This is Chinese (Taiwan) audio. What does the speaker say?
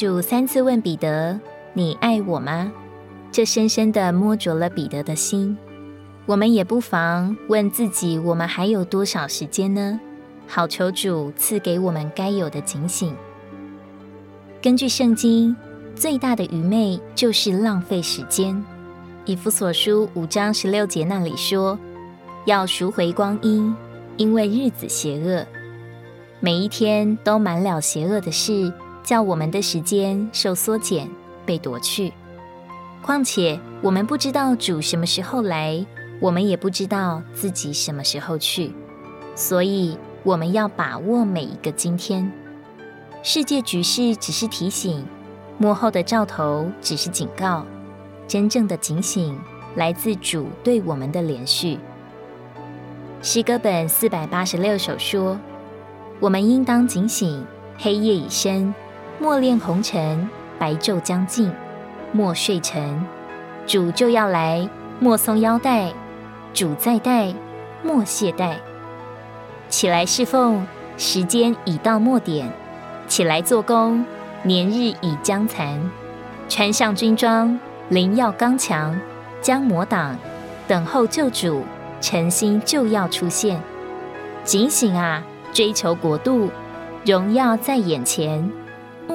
主三次問彼得：“你愛我嗎？”這深深的摸着了彼得的心。我們也不妨問自己：我們還有多少時間呢？好求主賜給我們該有的警醒。根據聖經，最大的愚昧就是浪費時間。以弗所書五章十六節那裡說：“要贖回光陰，因為日子邪惡，每一天都滿了邪惡的事。”叫我們的時間受縮減、被奪去。況且我們不知道主什麼時候來，我們也不知道自己什麼時候去。所以我們要把握每一個今天。世界局勢只是提醒，幕後的兆頭只是警告，真正的警醒來自主對我們的連續。詩歌本四百八十六首說：我們應當警醒，黑夜已深。莫戀紅塵，白晝將近，莫睡沉，主就要來，莫鬆腰帶，主再待，莫懈怠，起來侍奉，時間已到末點，起來做工，年日已將殘，穿上軍裝，靈要剛強，將魔擋，等候救主，晨星就要出現，警醒啊，追求國度，榮耀在眼前。